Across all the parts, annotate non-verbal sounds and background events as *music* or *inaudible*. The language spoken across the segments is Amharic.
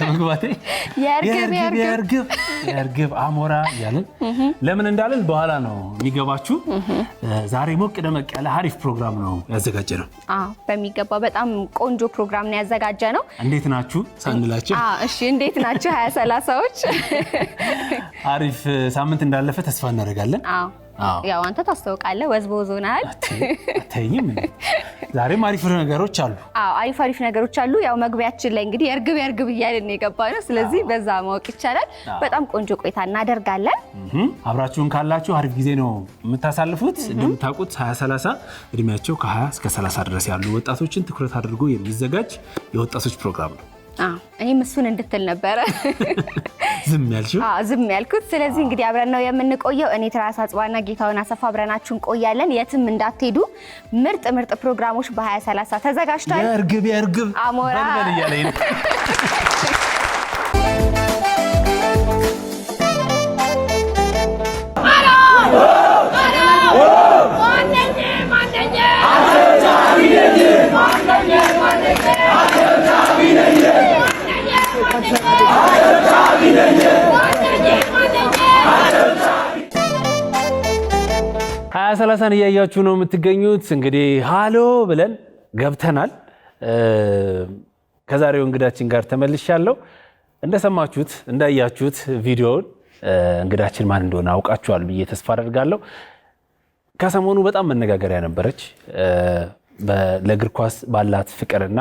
ከመግባቴ *laughs* የእርግብ አሞራ እያልን ለምን እንዳልን በኋላ ነው የሚገባችሁ። ዛሬ ሞቅ ደመቅ ያለ አሪፍ ፕሮግራም ነው ያዘጋጀ ነው። በሚገባ በጣም ቆንጆ ፕሮግራም ነው ያዘጋጀ ነው። እንዴት ናችሁ ሳንላቸው፣ እሺ እንዴት ናችሁ ሀያ ሰላሳዎች አሪፍ *laughs* ሳምንት እንዳለፈ ተስፋ እናደርጋለን። ያው አንተ ታስታውቃለህ። ወዝ በወዝ ሆነሃል። አታይኝም። ዛሬም አሪፍ ነገሮች አሉ። አዎ አሪፍ አሪፍ ነገሮች አሉ። ያው መግቢያችን ላይ እንግዲህ የእርግብ እርግብ እያልን የገባ ነው። ስለዚህ በዛ ማወቅ ይቻላል። በጣም ቆንጆ ቆይታ እናደርጋለን። አብራችሁን ካላችሁ አሪፍ ጊዜ ነው የምታሳልፉት። እንደምታውቁት 2030 እድሜያቸው ከ20 እስከ 30 ድረስ ያሉ ወጣቶችን ትኩረት አድርጎ የሚዘጋጅ የወጣቶች ፕሮግራም ነው። እኔም እሱን እንድትል ነበረ ዝም ያልሽው? ዝም ያልኩት። ስለዚህ እንግዲህ አብረን ነው የምንቆየው። እኔ ትራስ አጽባና ጌታውን አሰፋ አብረናችሁ እንቆያለን። የትም እንዳትሄዱ። ምርጥ ምርጥ ፕሮግራሞች በ2030 ተዘጋጅቷል። እርግብ የእርግብ አሞራ *laughs* ሀያ ሰላሳን እያያችሁ ነው የምትገኙት። እንግዲህ ሀሎ ብለን ገብተናል። ከዛሬው እንግዳችን ጋር ተመልሻለሁ። እንደሰማችሁት እንዳያችሁት ቪዲዮውን እንግዳችን ማን እንደሆነ አውቃችኋል ብዬ ተስፋ አደርጋለሁ። ከሰሞኑ በጣም መነጋገሪያ ነበረች። ለእግር ኳስ ባላት ፍቅርና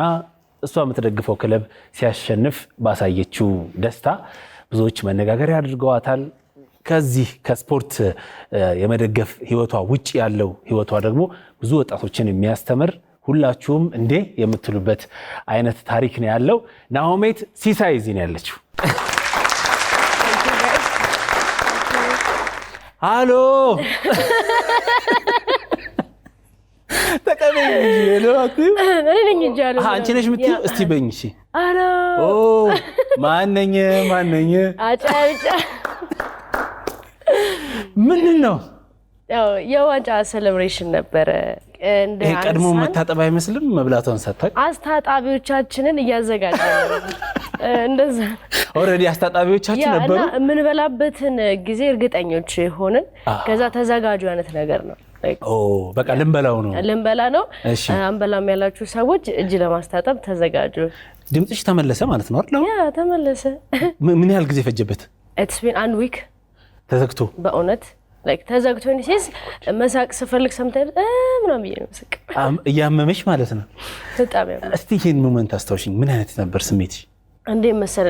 እሷ የምትደግፈው ክለብ ሲያሸንፍ ባሳየችው ደስታ ብዙዎች መነጋገሪያ አድርገዋታል። ከዚህ ከስፖርት የመደገፍ ህይወቷ ውጭ ያለው ህይወቷ ደግሞ ብዙ ወጣቶችን የሚያስተምር ሁላችሁም እንዴ የምትሉበት አይነት ታሪክ ነው ያለው። ናሆሜት ሲሳይ እዚህ ነው ያለችው። አሎ ተቀበይኝ አንቺ ነሽ የምትይው? እስቲ እሺ ማነኝ ማነኝ? አጫጫ ምንድን ነው? የዋንጫ ሴሌብሬሽን ነበረ። ቀድሞ መታጠብ አይመስልም? መብላቷን ሳታውቅ አስታጣቢዎቻችንን እያዘጋጀ እንደዛ ኦልሬዲ አስታጣቢዎቻችን ነበሩ። የምንበላበትን ጊዜ እርግጠኞች ሆንን። ከዛ ተዘጋጁ አይነት ነገር ነው በቃ ልንበላው ነው ልንበላ ነው። አንበላም ያላችሁ ሰዎች እጅ ለማስታጠብ ተዘጋጁ። ድምፅሽ ተመለሰ ማለት ነው አይደል? ተመለሰ። ምን ያህል ጊዜ ፈጀበት? ኢትስቢን አንድ ዊክ ተዘግቶ በእውነት ተዘግቶ ሲስ መሳቅ ስፈልግ ሰምተህ ምናምን ብዬ ነው እያመመሽ ማለት ነው። በጣም እስቲ ይህን ሞመንት አስታውሽኝ። ምን አይነት ነበር ስሜት እንዴ መሰለ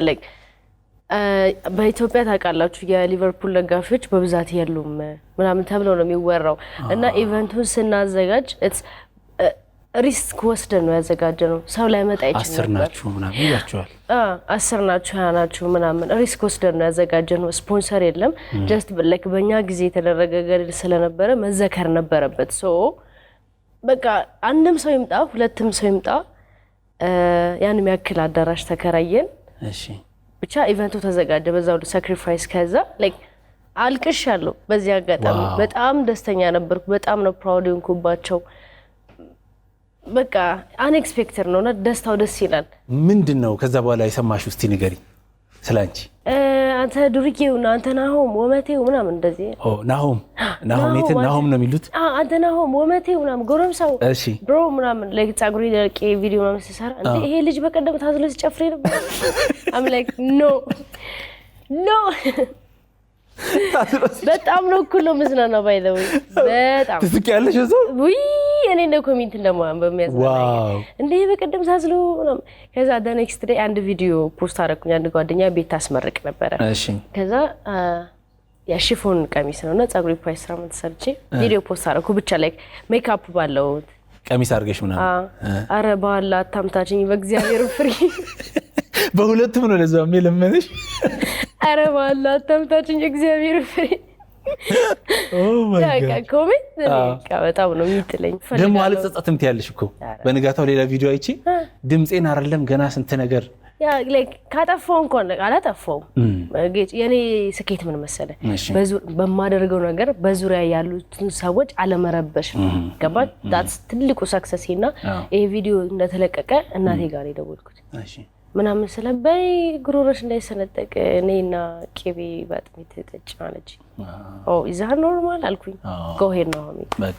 በኢትዮጵያ ታውቃላችሁ የሊቨርፑል ደጋፊዎች በብዛት የሉም ምናምን ተብለው ነው የሚወራው እና ኢቨንቱን ስናዘጋጅ ሪስክ ወስደን ነው ያዘጋጀ ነው። ሰው ላይመጣ ይችላል። አስር ናችሁ ምናምን ይላችኋል። አስር ናችሁ ሀያ ናችሁ ምናምን ሪስክ ወስደን ነው ያዘጋጀ ነው። ስፖንሰር የለም። ጀስት ላይክ በእኛ ጊዜ የተደረገ ገድል ስለነበረ መዘከር ነበረበት። ሶ በቃ አንድም ሰው ይምጣ ሁለትም ሰው ይምጣ ያንም ያክል አዳራሽ ተከራየን። እሺ ብቻ ኢቨንቱ ተዘጋጀ። በዛው ሳክሪፋይስ ከዛ ላይክ አልቅሽ ያለው በዚህ አጋጣሚ በጣም ደስተኛ ነበርኩ። በጣም ነው ፕራውድ ንኩባቸው በቃ አንኤክስፔክተድ ነው እና ደስታው ደስ ይላል። ምንድን ነው ከዛ በኋላ የሰማሽ ውስቲ ንገሪ ስለ አንቺ አንተ ዱርዬው አንተ ናሆም ወመቴው ምናምን እንደዚህ ናሆም ናሆም ናሆም ነው የሚሉት። አንተ ናሆም ወመቴው ምናምን ጎረምሳው ብሮ ምናምን ላይክ ጸጉሪ ደርቄ ቪዲዮ ምናምን ሲሰራ ይሄ ልጅ በቀደም ታዝሎ ሲጨፍር ነበር። አም ላይክ ኖ ኖ በጣም ነው እኩል ነው ምዝናና ባይ ዘ ወይ በጣም ትስቂያለሽ። እሱ ውይ እኔ እንደ ኮሜንት እንደማን የሚያዝናናኝ እንደ በቀደም ሳዝሎ ከዛ ደ ኔክስት ዴይ አንድ ቪዲዮ ፖስት አደረኩኝ። አንድ ጓደኛ ቤት ታስመርቅ ነበረ። ከዛ የሽፎን ቀሚስ ነው እና ጸጉሪ ፓይ ስራ ምትሰርቼ ቪዲዮ ፖስት አደረኩ። ብቻ ላይ ሜካፕ ባለው ቀሚስ አድርገሽ ምናምን። አረ በኋላ አታምታችኝ በእግዚአብሔር ፍሪ *laughs* በሁለቱም ነው ለዛ የለመነሽ። አረ ባላ አታምታችኝ፣ እግዚአብሔር ፍሬ በጣም ነው የምትለኝ። ደግሞ አልጸጸትም ትያለሽ እኮ በንጋታው ሌላ ቪዲዮ አይቼ ድምፄን አይደለም ገና ስንት ነገር ካጠፋው እንኳን አላጠፋውም። የኔ ስኬት ምን መሰለ፣ በማደርገው ነገር በዙሪያ ያሉትን ሰዎች አለመረበሽ ገባት። ትልቁ ሰክሰሴ እና ይሄ ቪዲዮ እንደተለቀቀ እናቴ ጋር የደወልኩት ምናምን ስለበይ ጉሮሮሽ እንዳይሰነጠቅ እኔና ቄቤ በአጥሚት ጠጭ ማለች። ይዛ ኖርማል አልኩኝ። ጎሄድ ነው ሚ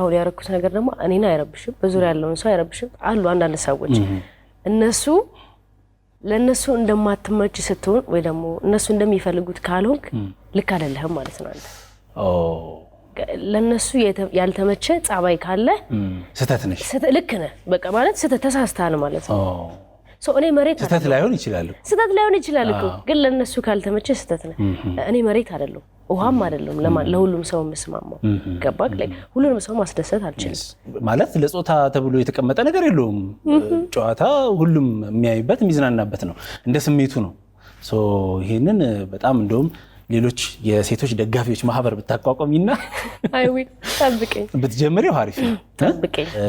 አሁን ያረኩት ነገር ደግሞ እኔን አይረብሽም፣ በዙሪያ ያለውን ሰው አይረብሽም። አሉ አንዳንድ ሰዎች እነሱ ለእነሱ እንደማትመች ስትሆን ወይ ደግሞ እነሱ እንደሚፈልጉት ካልሆንክ ልክ አይደለህም ማለት ነው አንተ ለእነሱ ያልተመቸ ጸባይ ካለ ስህተት ነሽ። ልክ ነህ በቃ ማለት ስህተት ተሳስተሃል ማለት ነው። እኔ መሬት ስህተት ላይሆን ይችላል ስህተት ላይሆን ይችላል እኮ ግን ለእነሱ ካልተመቸ ስህተት ነው። እኔ መሬት አይደለም ውሃም አይደለም ለሁሉም ሰው የምስማማው ገባክ? ላይ ሁሉንም ሰው ማስደሰት አልችልም ማለት ለጾታ ተብሎ የተቀመጠ ነገር የለውም። ጨዋታ ሁሉም የሚያይበት የሚዝናናበት ነው፣ እንደ ስሜቱ ነው። ይህንን በጣም እንደውም ሌሎች የሴቶች ደጋፊዎች ማህበር ብታቋቋሚና ብትጀምሪው አሪፍ ነው።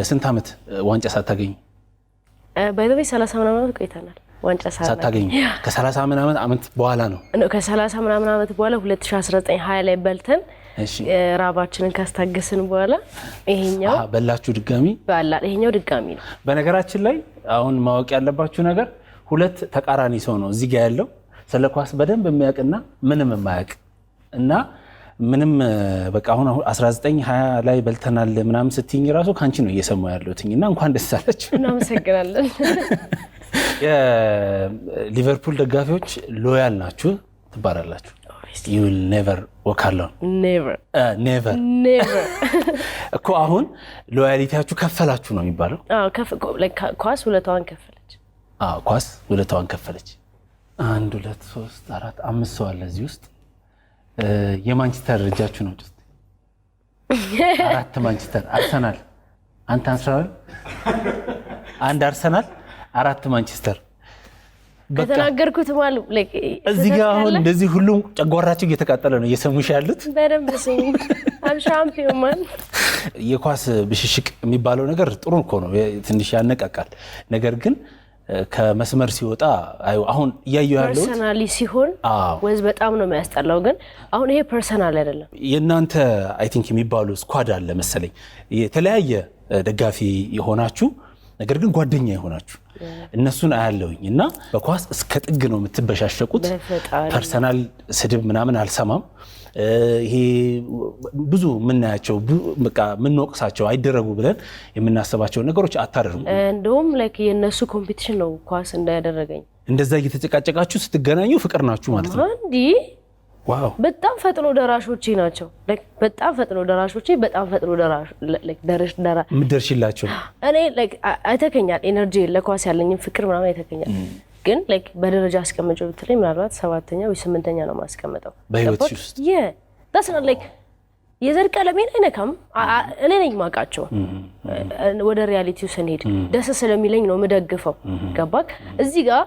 ስንት ዓመት ዋንጫ ሳታገኝ ባይዘቤ 30 ምናምን ዓመት ቆይተናል። ዋንጫ ከ30 ምናምን ዓመት በኋላ ነው ከ30 ምናምን ዓመት በኋላ 2019 20 ላይ በልተን ራባችንን ካስታገስን በኋላ ይሄኛው በላችሁ ድጋሚ በላ ይሄኛው ድጋሚ ነው። በነገራችን ላይ አሁን ማወቅ ያለባችሁ ነገር ሁለት ተቃራኒ ሰው ነው እዚህ ጋር ያለው ስለ ኳስ በደንብ የሚያውቅና ምንም የማያውቅ እና ምንም በቃ አሁን 19 20 ላይ በልተናል ምናምን ስትይኝ ራሱ ከአንቺ ነው እየሰማሁ ያለሁት እና እንኳን ደስ አላችሁ። እናመሰግናለን። *laughs* የሊቨርፑል ደጋፊዎች ሎያል ናችሁ ትባላላችሁ። ዩል ኔቨር ወክ አለውን ኔቨር እኮ አሁን ሎያሊቲያችሁ ከፈላችሁ ነው የሚባለው። ኳስ ውለታዋን ከፈለች። ኳስ ውለታዋን ከፈለች። አንድ ሁለት ሶስት አራት አምስት ሰው አለ እዚህ ውስጥ የማንቸስተር እጃችሁ ነው። ጭስ አራት ማንቸስተር አርሰናል፣ አንተ አንስራዊ አንድ አርሰናል፣ አራት ማንቸስተር ከተናገርኩት ማሉ እዚህ ጋር አሁን እንደዚህ ሁሉም ጨጓራቸው እየተቃጠለ ነው እየሰሙሽ ያሉት በደንብ ሻምፒዮን ማን የኳስ ብሽሽቅ የሚባለው ነገር ጥሩ እኮ ነው፣ ትንሽ ያነቃቃል። ነገር ግን ከመስመር ሲወጣ አሁን እያየሁ ያለሁት ፐርሰናሊ ሲሆን ወዝ በጣም ነው የሚያስጠላው። ግን አሁን ይሄ ፐርሰናል አይደለም። የእናንተ አይ ቲንክ የሚባሉ ስኳድ አለ መሰለኝ የተለያየ ደጋፊ የሆናችሁ ነገር ግን ጓደኛ የሆናችሁ እነሱን አያለውኝ እና በኳስ እስከ ጥግ ነው የምትበሻሸቁት። ፐርሰናል ስድብ ምናምን አልሰማም። ይሄ ብዙ የምናያቸው በቃ የምንወቅሳቸው አይደረጉ ብለን የምናስባቸውን ነገሮች አታደርጉ። እንደውም ላይክ የእነሱ ኮምፒቲሽን ነው ኳስ እንዳያደረገኝ። እንደዛ እየተጨቃጨቃችሁ ስትገናኙ ፍቅር ናችሁ ማለት ነው። በጣም ፈጥኖ ደራሾቼ ናቸው። በጣም ፈጥኖ ደራሾቼ በጣም ፈጥኖ ደራሽ እኔ አይተከኛል። ኤነርጂ ለኳስ ያለኝም ፍቅር ምናምን አይተከኛል። ግን በደረጃ አስቀምጬ ብትለኝ ምናልባት ሰባተኛ ወይ ስምንተኛ ነው የማስቀምጠው በህይወት ውስጥ የዘር ቀለሜን አይነካም። እኔ ነኝ ማውቃቸው። ወደ ሪያሊቲው ስንሄድ ደስ ስለሚለኝ ነው የምደግፈው። ገባክ? እዚህ ጋር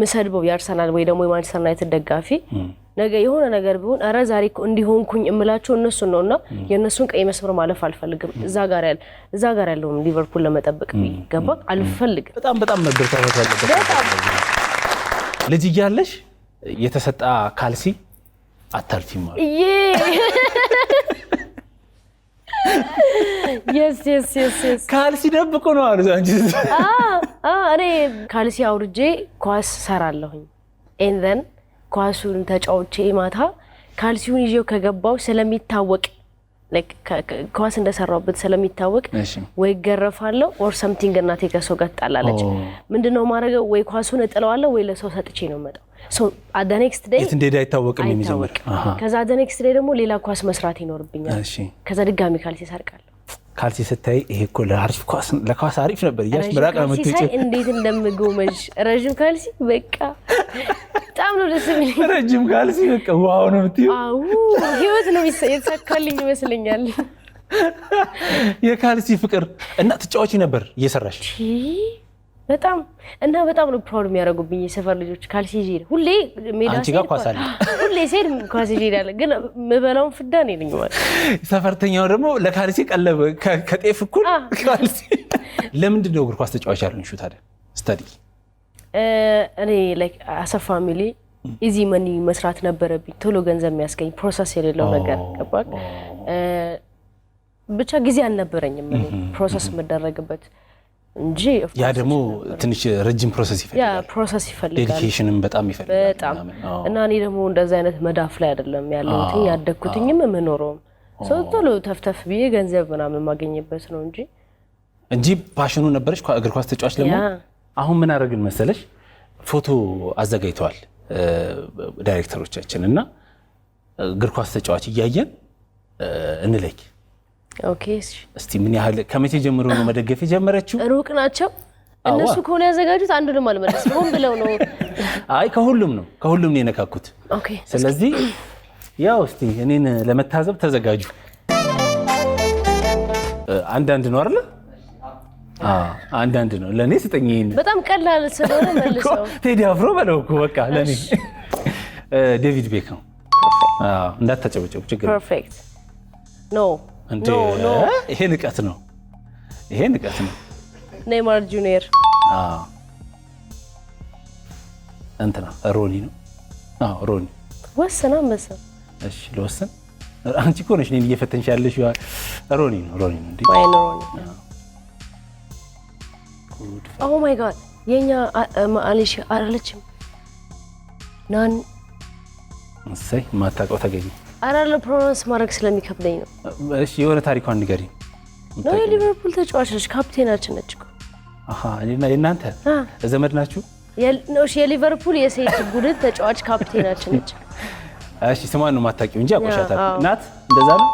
ምሰድበው የአርሰናል ወይ ደግሞ የማንቸስተር ዩናይትድ ደጋፊ ነገ የሆነ ነገር ቢሆን አረ ዛሬ እንዲሆንኩኝ እምላቸው እነሱን ነው እና የእነሱን ቀይ መስመር ማለፍ አልፈልግም። እዛ ጋር ያለ እዛ ጋር ያለውም ሊቨርፑል ለመጠበቅ ገባ አልፈልግም። በጣም በጣም መበርታት አለበት። ልጅ እያለሽ የተሰጣ ካልሲ አታልፊም ማለት ካልሲ ደብቆ ነው አሉ። እኔ ካልሲ አውርጄ ኳስ ሰራለሁኝ ኤንዘን ኳሱን ተጫውቼ ማታ ካልሲውን ይዤው ከገባው ስለሚታወቅ ኳስ እንደሰራውበት ስለሚታወቅ ወይ ገረፋለሁ ኦር ሰምቲንግ እናቴ ከሰው ጋር ትጣላለች። ምንድነው ማድረገው? ወይ ኳሱን እጥለዋለሁ ወይ ለሰው ሰጥቼ ነው መጣው። አደ ኔክስት ዴይ እንደሄደ አይታወቅም። ከዛ አደ ኔክስት ዴይ ደግሞ ሌላ ኳስ መስራት ይኖርብኛል። ከዛ ድጋሚ ካልሲ ሰርቃለሁ። ካልሲ ስታይ ይሄ እኮ ኳስ ለኳስ አሪፍ ነበር እያልሽ ምራቅ ነው የምትውጪው። እንዴት እንደምጎመዥ ረዥም ካልሲ በቃ በጣም ነው ደስ የሚለኝ። ረዥም ካልሲ በቃ ዋው ነው የምትይው። ህይወት ነው የተሳካልኝ ይመስለኛል። የካልሲ ፍቅር እና ትጫወቺ ነበር እየሰራሽ በጣም እና በጣም ነው ፕራውድ የሚያደርጉብኝ የሰፈር ልጆች ካልሲ ይዤ ሁሌ ሜዳሁሌ ሲሄድ ሁሌ ሲሄድ ኳስ ይዤ እሄዳለሁ፣ ግን የምበላውን ፍዳ እኔ ነኝ ሰፈርተኛው ደግሞ ለካልሲ ቀለብ ከጤፍ እኩል ካልሲ። *laughs* ለምንድን ነው እግር ኳስ ተጫዋች ያልሆንሽው ታዲያ? ስተዲ እኔ አሰ ፋሚሊ ኢዚ መኒ መስራት ነበረብኝ፣ ቶሎ ገንዘብ የሚያስገኝ ፕሮሰስ የሌለው ነገር ገባ ብቻ ጊዜ አልነበረኝም ፕሮሰስ የምደረግበት እንጂ ያ ደግሞ ትንሽ ረጅም ፕሮሰስ ይፈልጋል፣ ፕሮሰስ ይፈልጋል፣ ዴዲኬሽንም በጣም ይፈልጋል በጣም እና እኔ ደግሞ እንደዚህ አይነት መዳፍ ላይ አይደለም ያለሁት ያደግኩትኝም የምኖረውም ሰው ቶሎ ተፍተፍ ብዬ ገንዘብ ምናምን የማገኝበት ነው እንጂ እንጂ ፓሽኑ ነበረች እግር ኳስ ተጫዋች ደግሞ አሁን ምን አደረግን መሰለሽ ፎቶ አዘጋጅተዋል ዳይሬክተሮቻችን እና እግር ኳስ ተጫዋች እያየን እንለይ እስቲ ምን ያህል ከመቼ ጀምሮ ነው መደገፍ የጀመረችው? ሩቅ ናቸው እነሱ ከሆነ ያዘጋጁት አንዱ አንዱንም አልመለስ ሆን ብለው ነው። *laughs* አይ ከሁሉም ነው ከሁሉም ነው የነካኩት። ስለዚህ ያው እስቲ እኔን ለመታዘብ ተዘጋጁ። አንዳንድ ነው አለ አንዳንድ ነው ለእኔ ስጠኝ። በጣም ቀላል ስለሆነ መልሰው ቴዲ አፍሮ በለው እኮ በቃ ለእኔ ዴቪድ ቤክ ነው። እንዳታጨበጨቡ ችግር ፐርፌክት ነው ይሄ ንቀት ነው። ይሄ ንቀት ነው። ኔይማር ጁኒየር እንትና ሮኒ ነው። አዎ ሮኒ ወሰን እሺ አንቺ እኮ ነሽ እኔን እየፈተንሽ ያለሽ። ሮኒ ነው ሮኒ ነው። እንዴ ነው ኦ ማይ ጋድ የኛ አላለችም ናን እሰይ ማታውቀው ተገኘ አራለ ለፕሮናንስ ማድረግ ስለሚከብደኝ ነው። እሺ የሆነ ታሪኳን ንገሪ። ነው የሊቨርፑል ተጫዋች ነች፣ ካፕቴናችን ነች። አሃ የእናንተ ዘመድ ናችሁ? እሺ የሊቨርፑል የሴት ቡድን ተጫዋች ካፕቴናችን ነች። *laughs* እሺ ስሟን ነው የማታውቂው እንጂ አቆሻታ ናት። እንደዛ ነው።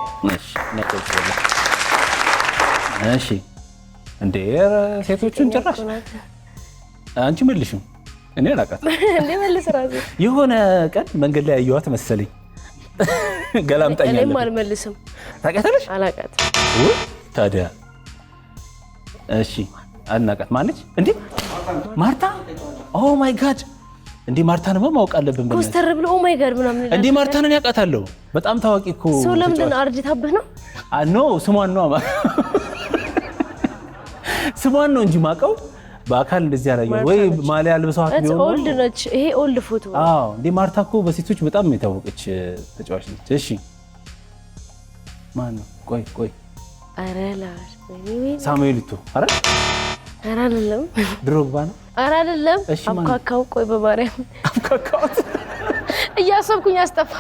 እሺ እሺ። እንዴ ሴቶቹን ጭራሽ አንቺ መልሽም እኔ አላውቃትም። *laughs* የሆነ ቀን መንገድ ላይ ያየኋት መሰለኝ ገላምጣኛ እኔም አልመልስም። ታውቂያታለሽ? አላውቃትም። ታዲያ እሺ፣ አናውቃት ማነች እንዴ? ማርታ። ኦ ማይ ጋድ እንዴ ማርታንማ ማወቅ አለብን። ኮስተር ብሎ ኦ ማይ ጋድ ምናምን እንዴ ማርታንን ያውቃታለሁ። በጣም ታዋቂ እኮ ሰው። ለምንድን አርጅታብህ ነው? ኖ ስሟን ነው *laughs* ስሟን ነው እንጂ ማውቀው በአካል እንደዚህ ያላየሁ ወይ ማሊያ ልብሰዋት ቢሆን ኦልድ ነች። ይሄ ኦልድ ፎቶ። አዎ እንዴ ማርታ እኮ በሴቶች በጣም የታወቀች ተጫዋች ነች። እሺ ማን ቆይ ቆይ፣ ኧረ ሳሙኤል ቱ አረ ኧረ አይደለም፣ ድሮግባ ነው። ኧረ አይደለም፣ አብካካው። ቆይ በማርያም አብካካው እያሰብኩኝ አስጠፋ።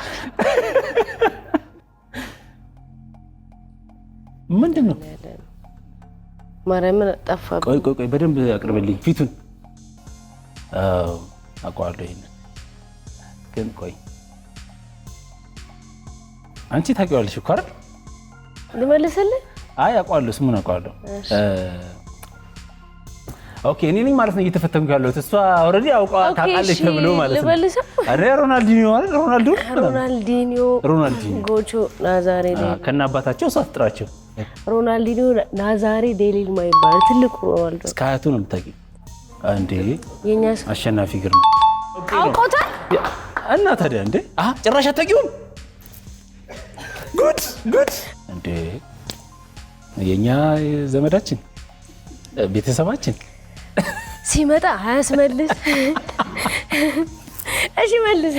ምንድን ነው ማርያምን ጠፋብኝ። ቆይ ቆይ ቆይ በደንብ አቅርብልኝ ፊቱን። አዎ አውቀዋለሁ። ይሄንን ግን ቆይ አንቺ ታውቂዋለሽ እኮ አይደል? ልመልስልህ? አይ አውቀዋለሁ፣ ስሙን አውቀዋለሁ። ኦኬ እኔ ነኝ ማለት ነው እየተፈተንኩ ያለሁት። እሷ ኦልሬዲ አውቃ ታውቃለች ተብሎ ማለት ነው። ሮናልዲኒዮ ሮናልዲኒዮ ሮናልዲኒዮ ጎቾ ናዛሬ እሷ ትጥራቸው ሮናልዲኒ ናዛሬ ዴሊል ማይባል ትልቁ ሮናልዶ እስከ ሀያቱ ነው የምታውቂው እንዴ? የኛ ሰው አሸናፊ ግርማ አውቆታል። እና ታዲያ እንዴ ጭራሽ አታውቂውም? ጉድ ጉድ እንዴ! የእኛ ዘመዳችን ቤተሰባችን ሲመጣ አያስመልስ። እሺ መልስ፣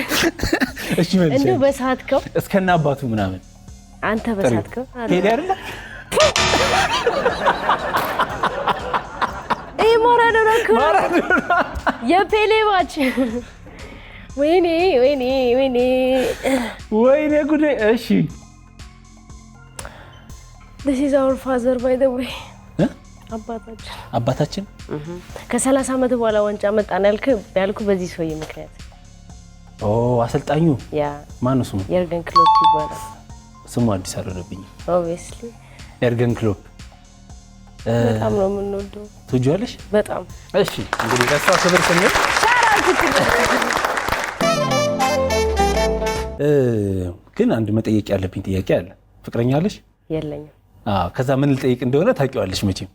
እሺ መልስ። እንደው በሰዓት እስከና አባቱ ምናምን አንተ በሰዓት ከው አይደለ ይህ ማራዶና ማራዶና የፔሌ ማች ወይኔ ወይኔ ወይኔ ወይኔ ጉዴ! እሺ this is our father by the way አባታችን አባታችን ከ30 ዓመት በኋላ ዋንጫ መጣን ያልኩ በዚህ ሰውዬ ምክንያት። ኦ አሰልጣኙ ያ ማን ስሙ? የርገን ክሎፕ ይባላል ስሙ። አዲስ አደረብኝ ኦብቪየስሊ ኤርገን ክሎፕ በጣም ነው የምንወደው። ትወጂዋለሽ በጣም? እሺ እንግዲህ ለእሷ ክብር ስንል ግን አንድ መጠየቅ ያለብኝ ጥያቄ አለ። ፍቅረኛ አለሽ? የለኝም። ከዛ ምን ልጠይቅ እንደሆነ ታውቂዋለሽ መቼም።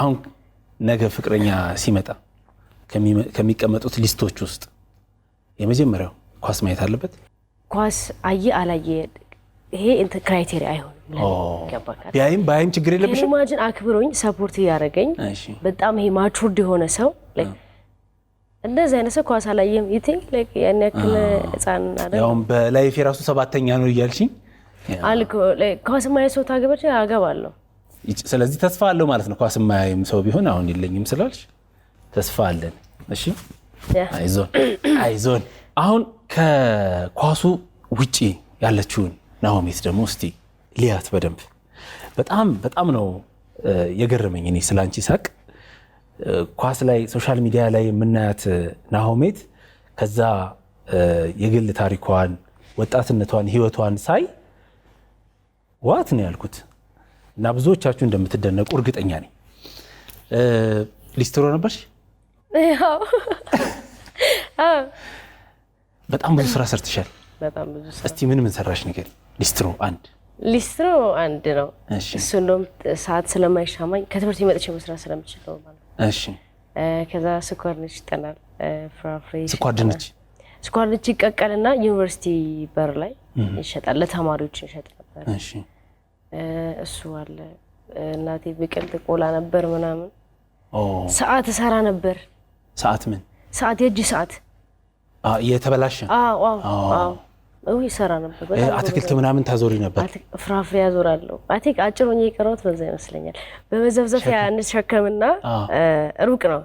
አሁን ነገ ፍቅረኛ ሲመጣ ከሚቀመጡት ሊስቶች ውስጥ የመጀመሪያው ኳስ ማየት አለበት። ኳስ አየ አላየ ይሄ እንትን ክራይቴሪያ አይሆንም። ቢያይም ባይም ችግር የለብሽም። ኢማጂን አክብሮኝ ሰፖርት እያደረገኝ በጣም ይሄ ማቹርድ የሆነ ሰው እንደዚህ አይነት ሰው ኳስ አላየም። ይቴ ያን ያክል ህፃን አሁን በላይፍ የራሱ ሰባተኛ ነው እያልሽኝ አልኮ ኳስ ማየት ሰው ታገበች አገባለሁ። ስለዚህ ተስፋ አለው ማለት ነው። ኳስ ማያይም ሰው ቢሆን አሁን የለኝም ስላልሽ ተስፋ አለን። እሺ አይዞን አይዞን። አሁን ከኳሱ ውጪ ያለችውን ናሆሜት ደግሞ እስቲ ሊያት በደንብ በጣም በጣም ነው የገረመኝ። እኔ ስለ አንቺ ሳቅ ኳስ ላይ ሶሻል ሚዲያ ላይ የምናያት ናሆሜት ከዛ የግል ታሪኳን ወጣትነቷን ህይወቷን ሳይ ዋት ነው ያልኩት እና ብዙዎቻችሁ እንደምትደነቁ እርግጠኛ ነኝ። ሊስትሮ ነበር በጣም ብዙ ስራ ሰርትሻል። እስቲ ምን ምን ሰራሽ ንገሪኝ። ሊስትሮ አንድ ሊስትሮ አንድ ነው እሱ። እንደውም ሰዓት ስለማይሻማኝ ከትምህርት መጥቼ መስራት ስለምችለው ማለት ከዛ ስኳር ድንች ይጠናል፣ ፍራፍሬ፣ ስኳር ድንች ስኳር ድንች ይቀቀልና ዩኒቨርሲቲ በር ላይ ይሸጣል፣ ለተማሪዎች ይሸጥ ነበር እሱ አለ። እናቴ ብቅል ትቆላ ነበር ምናምን። ሰዓት እሰራ ነበር። ሰዓት ምን ሰዓት? የእጅ ሰዓት የተበላሸ ይሰራ ነበር። አትክልት ምናምን ታዞሪ ነበር? ፍራፍሬ ያዞራለሁ። አቴክ አጭር ሆኜ የቀረሁት በዛ ይመስለኛል። በመዘብዘፊያ እንሸከምና ሩቅ ነው።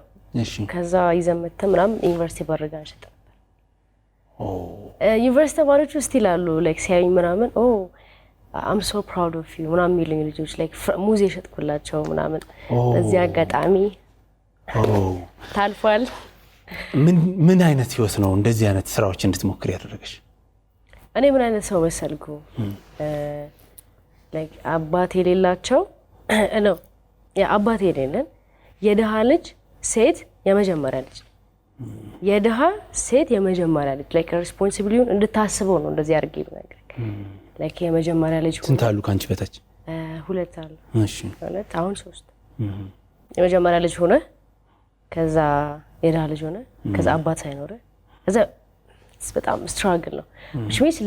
ከዛ ይዘን መተን ምናምን ዩኒቨርሲቲ ባረጋ እንሸጥ ነበር። ዩኒቨርሲቲ ተማሪዎች ውስጥ ይላሉ ላይክ ሲያዩኝ ምናምን ኦ አም ሶ ፕራውድ ኦፍ ዩ ምናምን የሚሉኝ ልጆች ላይክ ሙዝ የሸጥኩላቸው ምናምን። እዚህ አጋጣሚ ታልፏል። ምን አይነት ህይወት ነው እንደዚህ አይነት ስራዎች እንድትሞክር ያደረገች? እኔ ምን አይነት ሰው መሰልኩ? አባት የሌላቸው *clears throat* ነው። አባት የሌለን የድሃ ልጅ ሴት የመጀመሪያ ልጅ የድሃ ሴት የመጀመሪያ ልጅ ላይክ ሪስፖንሲቢሊቲውን እንድታስበው ነው እንደዚህ አድርጌ ብነግር ላይክ የመጀመሪያ ልጅ ስንት አሉ ከአንቺ በታች ሁለት አሉ ሁለት አሁን ሶስት የመጀመሪያ ልጅ ሆነ ከዛ የድሃ ልጅ ሆነ ከዛ አባት ሳይኖረ ከዛ በጣም ስትራግል ነው። ሽሚስ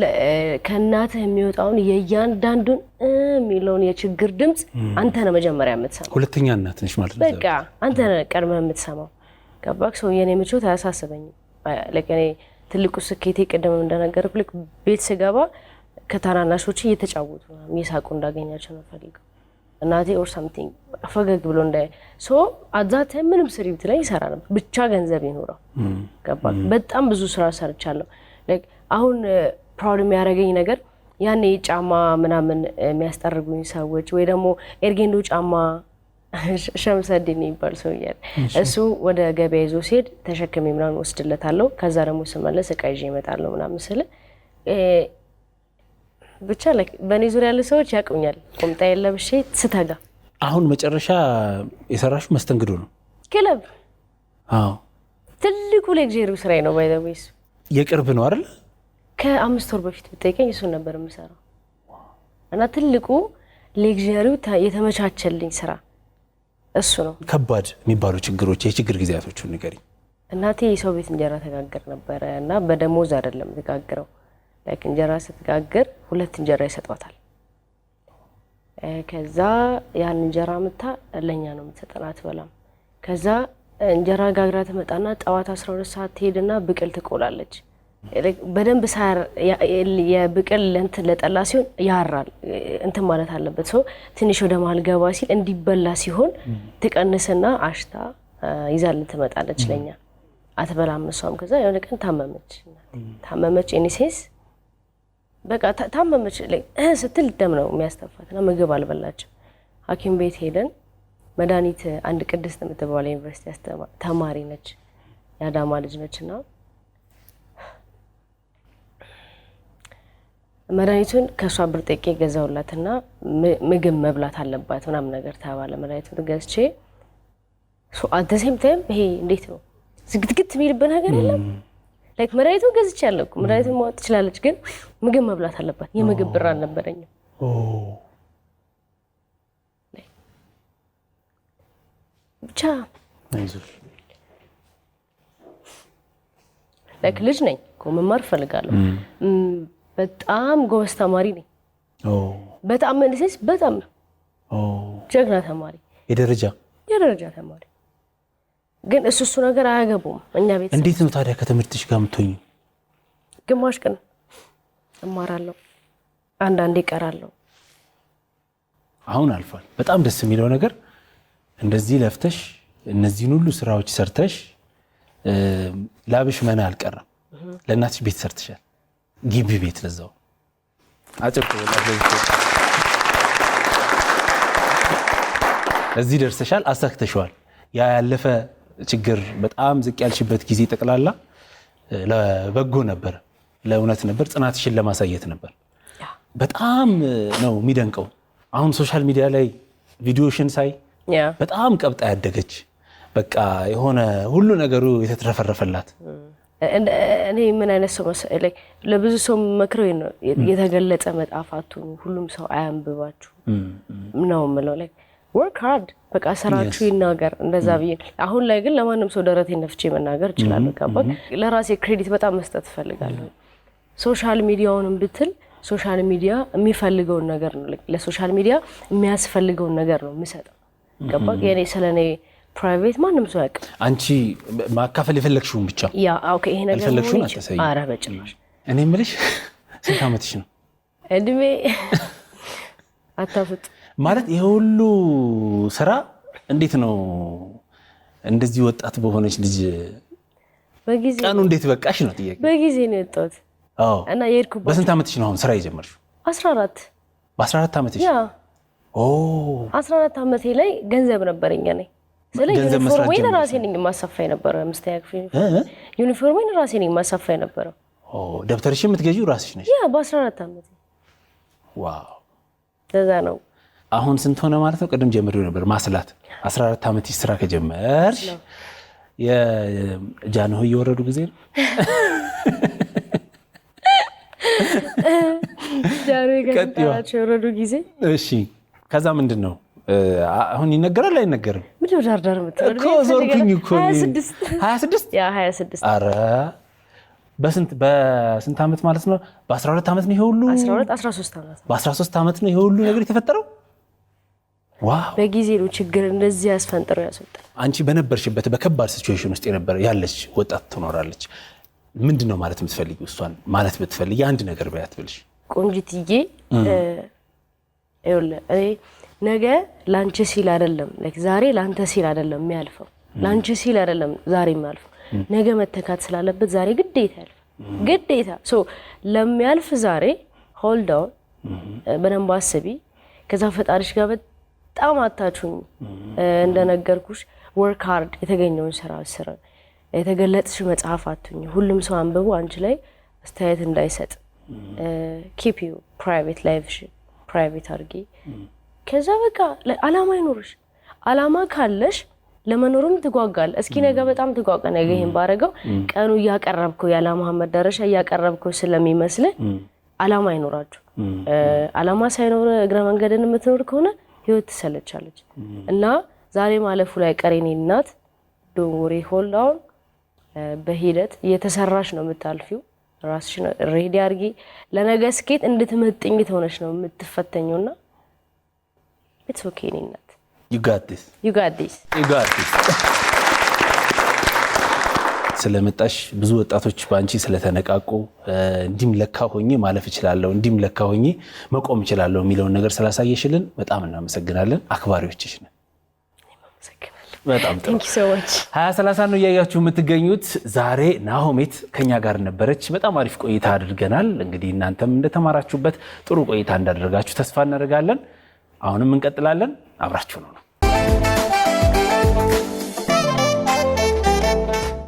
ከእናትህ የሚወጣውን የእያንዳንዱን uh, የሚለውን የችግር ድምፅ hmm. አንተ ነህ መጀመሪያ የምትሰማው። ሁለተኛ እናት ነሽ ማለት ነው። በቃ አንተ ነህ ቀድመህ የምትሰማው። ገባክ? ሰው የኔ ምቾት አያሳስበኝም። ለኔ ትልቁ ስኬቴ ቅድምም እንደነገርኩህ ልክ ቤት ስገባ ከታናናሾች እየተጫወቱ እየሳቁ እንዳገኛቸው ነው ፈልገው እናቴ ኦር ሰምቲንግ ፈገግ ብሎ እንዳይ ሶ አዛተ ምንም ስሪ ብትለኝ ይሰራ ነበር። ብቻ ገንዘብ ይኖረው ገባ። በጣም ብዙ ስራ ሰርቻለሁ። አሁን ፕራውድ የሚያደርገኝ ነገር ያኔ ጫማ ምናምን የሚያስጠርጉኝ ሰዎች ወይ ደግሞ ኤርጌንዶ ጫማ ሸምሰድ የሚባል ሰው እያለ እሱ ወደ ገበያ ይዞ ሲሄድ ተሸክሜ ምናምን ወስድለታለሁ። ከዛ ደግሞ ስመለስ እቃ ይዤ እመጣለሁ ምናምን ስል ብቻ በእኔ ዙሪያ ያሉ ሰዎች ያቁኛል ቁምጣ የለብሼ ስተጋ። አሁን መጨረሻ የሰራሹ መስተንግዶ ነው ክለብ። አዎ ትልቁ ለግዜሩ ስራዬ ነው። ባይዘዌስ የቅርብ ነው አይደል? ከአምስት ወር በፊት ብጠይቀኝ እሱን ነበር የምሰራው እና ትልቁ ሌግዣሪው የተመቻቸልኝ ስራ እሱ ነው። ከባድ የሚባሉ ችግሮች የችግር ጊዜያቶቹን ንገሪኝ። እናቴ የሰው ቤት እንጀራ ተጋግር ነበረ እና በደሞዝ አይደለም ተጋግረው ላይክ እንጀራ ስትጋግር ሁለት እንጀራ ይሰጧታል። ከዛ ያን እንጀራ ምታ ለእኛ ነው የምትሰጠን፣ አትበላም። ከዛ እንጀራ ጋግራ ትመጣና ጠዋት 12 ሰዓት ትሄድና ብቅል ትቆላለች። በደንብ ሳር የብቅል ለንት ለጠላ ሲሆን ያራል እንትን ማለት አለበት። ሰው ትንሽ ወደ መሀል ገባ ሲል እንዲበላ ሲሆን ትቀንስና አሽታ ይዛልን ትመጣለች ለኛ አትበላም። እሷም ከዛ የሆነ ቀን ታመመች ታመመች ኢኒሴንስ በቃ ታመመች ስትል ደም ነው የሚያስተፋትና ምግብ አልበላችም። ሐኪም ቤት ሄደን መድኃኒት አንድ ቅድስት የምትባለ ዩኒቨርሲቲ ተማሪ ነች፣ የአዳማ ልጅ ነች እና መድኃኒቱን ከእሷ ብር ጠቄ ገዛውላትና ምግብ መብላት አለባት ምናምን ነገር ተባለ። መድኃኒቱን ገዝቼ አደሴም ታይም ይሄ እንዴት ነው ዝግትግት የሚልብን ነገር የለም ላይክ መድኃኒቱን ገዝቻለሁ እኮ መድኃኒቱን ማወጥ ትችላለች፣ ግን ምግብ መብላት አለባት። የምግብ ብር አልነበረኝም። ብቻ ላይክ ልጅ ነኝ እኮ መማር እፈልጋለሁ። በጣም ጎበዝ ተማሪ ነኝ። በጣም መልሴስ በጣም ጀግና ተማሪ የደረጃ የደረጃ ተማሪ ግን እሱ እሱ ነገር አያገቡም። እኛ ቤት እንዴት ነው ታዲያ ከትምህርትሽ ጋር የምትሆኝ? ግማሽ ቀን እማራለሁ፣ አንዳንዴ እቀራለሁ። አሁን አልፏል። በጣም ደስ የሚለው ነገር እንደዚህ ለፍተሽ እነዚህን ሁሉ ስራዎች ሰርተሽ ላብሽ መና አልቀረም። ለእናትሽ ቤት ሰርትሻል፣ ግቢ ቤት ለዛው አጭር እዚህ ደርሰሻል፣ አሳክተሸዋል። ያ ያለፈ ችግር በጣም ዝቅ ያልሽበት ጊዜ ጠቅላላ ለበጎ ነበር፣ ለእውነት ነበር፣ ጽናትሽን ለማሳየት ነበር። በጣም ነው የሚደንቀው። አሁን ሶሻል ሚዲያ ላይ ቪዲዮሽን ሳይ በጣም ቀብጣ ያደገች በቃ የሆነ ሁሉ ነገሩ የተትረፈረፈላት እኔ ምን አይነት ሰው መሰለኝ፣ ለብዙ ሰው መክረው የተገለጸ ሁሉም ሰው አያንብባችሁ ነው ምለው ወርክ ሃርድ በቃ ስራችሁ ይናገር እንደዛ mm. ብዬ። አሁን ላይ ግን ለማንም ሰው ደረቴን ነፍቼ መናገር እችላለሁ። mm-hmm. ገባ mm-hmm. ለራሴ ክሬዲት በጣም መስጠት እፈልጋለሁ። ሶሻል ሚዲያውንም ብትል ሶሻል ሚዲያ የሚፈልገውን ነገር ነው፣ ለሶሻል ሚዲያ የሚያስፈልገውን ነገር ነው የምሰጠው። ገባ mm-hmm. የኔ ስለ እኔ ፕራይቬት ማንም ሰው ያውቅ። አንቺ ማካፈል የፈለግሽውን ብቻ ያ ኦኬ። ይሄ ነገር ኧረ በጭራሽ። እኔ የምልሽ ስንት ዓመትሽ ነው? እድሜ አታፍጥ ማለት ይሄ ሁሉ ስራ እንዴት ነው እንደዚህ ወጣት በሆነች ልጅ ቀኑ እንዴት በቃሽ ነው ጥያቄ። በጊዜ ነው የወጣሁት እና የሄድኩበት። በስንት ዓመትሽ ነው አሁን ስራ የጀመርሽው? 14 በ14 ዓመትሽ? ያ ኦ 14 ዓመቴ ላይ ገንዘብ ነበረኝ እኔ ስለዚህ ዩኒፎርሜን ራሴ ነኝ የማሰፋ የነበረው። አምስተኛ ክፍል ዩኒፎርሜን ራሴ ነኝ የማሰፋ የነበረው። ደብተርሽ የምትገዢው ራስሽ ነሽ? ያ በ14 ዓመቴ ዋው። ለዛ ነው አሁን ስንት ሆነ ማለት ነው? ቅድም ጀምሬው ነበር ማስላት 14 ዓመት ስራ ከጀመርሽ የጃንሆ እየወረዱ ጊዜ ነው። የወረዱ ጊዜ እሺ። ከዛ ምንድን ነው አሁን ይነገራል አይነገርም? ምንድነው ዳርዳር ዞርኩኝ እኮ ሀያ ስድስት ሀያ ስድስት ኧረ በስንት ዓመት ማለት ነው? በ12 ዓመት ነው ይሄ ሁሉ በ13 ዓመት ነው ይሄ ሁሉ ነገር የተፈጠረው በጊዜ ነው ችግር እንደዚህ ያስፈንጥረው ያስወጣል። አንቺ በነበርሽበት በከባድ ሲቹዌሽን ውስጥ የነበረ ያለች ወጣት ትኖራለች። ምንድን ነው ማለት የምትፈልጊ? እሷን ማለት ብትፈልጊ አንድ ነገር በያት ብልሽ፣ ቆንጅትዬ ነገ ለአንቺ ሲል አይደለም ዛሬ ለአንተ ሲል አይደለም የሚያልፈው ለአንቺ ሲል አይደለም ዛሬ የሚያልፈው ነገ መተካት ስላለበት ዛሬ ግዴታ ያልፍ ግዴታ ለሚያልፍ ዛሬ ሆልዳውን በደንብ አስቢ። ከዛ ፈጣሪሽ ጋር በጣም አታችሁኝ። እንደነገርኩሽ ወርክ ሃርድ የተገኘውን ስራ ስር የተገለጥሽ መጽሐፍ አትሁኝ። ሁሉም ሰው አንብቦ አንቺ ላይ አስተያየት እንዳይሰጥ ኪፕ ዩ ፕራይቬት ላይፍሽ ፕራይቬት አድርጊ። ከዛ በቃ አላማ አይኖርሽ። አላማ ካለሽ ለመኖርም ትጓጋል። እስኪ ነገ በጣም ትጓጋ፣ ነገ ይህን ባረገው ቀኑ እያቀረብከው ያለ መሀመድ ደረሻ እያቀረብከው ስለሚመስልህ አላማ አይኖራችሁ። አላማ ሳይኖር እግረ መንገድን የምትኖር ከሆነ ህይወት ትሰለቻለች እና ዛሬ ማለፉ ላይ ቀሬኔ እናት ዶንጎሬ ሆልዳውን በሂደት እየተሰራሽ ነው የምታልፊው። ራስሽን ሬዲ አርጊ ለነገ ስኬት እንድትመጥኝ ትሆነሽ ነው የምትፈተኘው ና ኢትስ ኦኬ ኔ እናት ዩ ጋት ዲስ ዩ ጋት ዲስ ዩ ጋት ዲስ ስለመጣሽ ብዙ ወጣቶች በአንቺ ስለተነቃቁ እንዲም ለካ ሆኜ ማለፍ እችላለሁ፣ እንዲም ለካ ሆኜ መቆም እችላለሁ የሚለውን ነገር ስላሳየሽልን በጣም እናመሰግናለን። አክባሪዎችሽ ነን። በጣም ሀያ ሰላሳ ነው እያያችሁ የምትገኙት። ዛሬ ናሆሜት ከኛ ጋር ነበረች። በጣም አሪፍ ቆይታ አድርገናል። እንግዲህ እናንተም እንደተማራችሁበት ጥሩ ቆይታ እንዳደረጋችሁ ተስፋ እናደርጋለን። አሁንም እንቀጥላለን። አብራችሁ ነው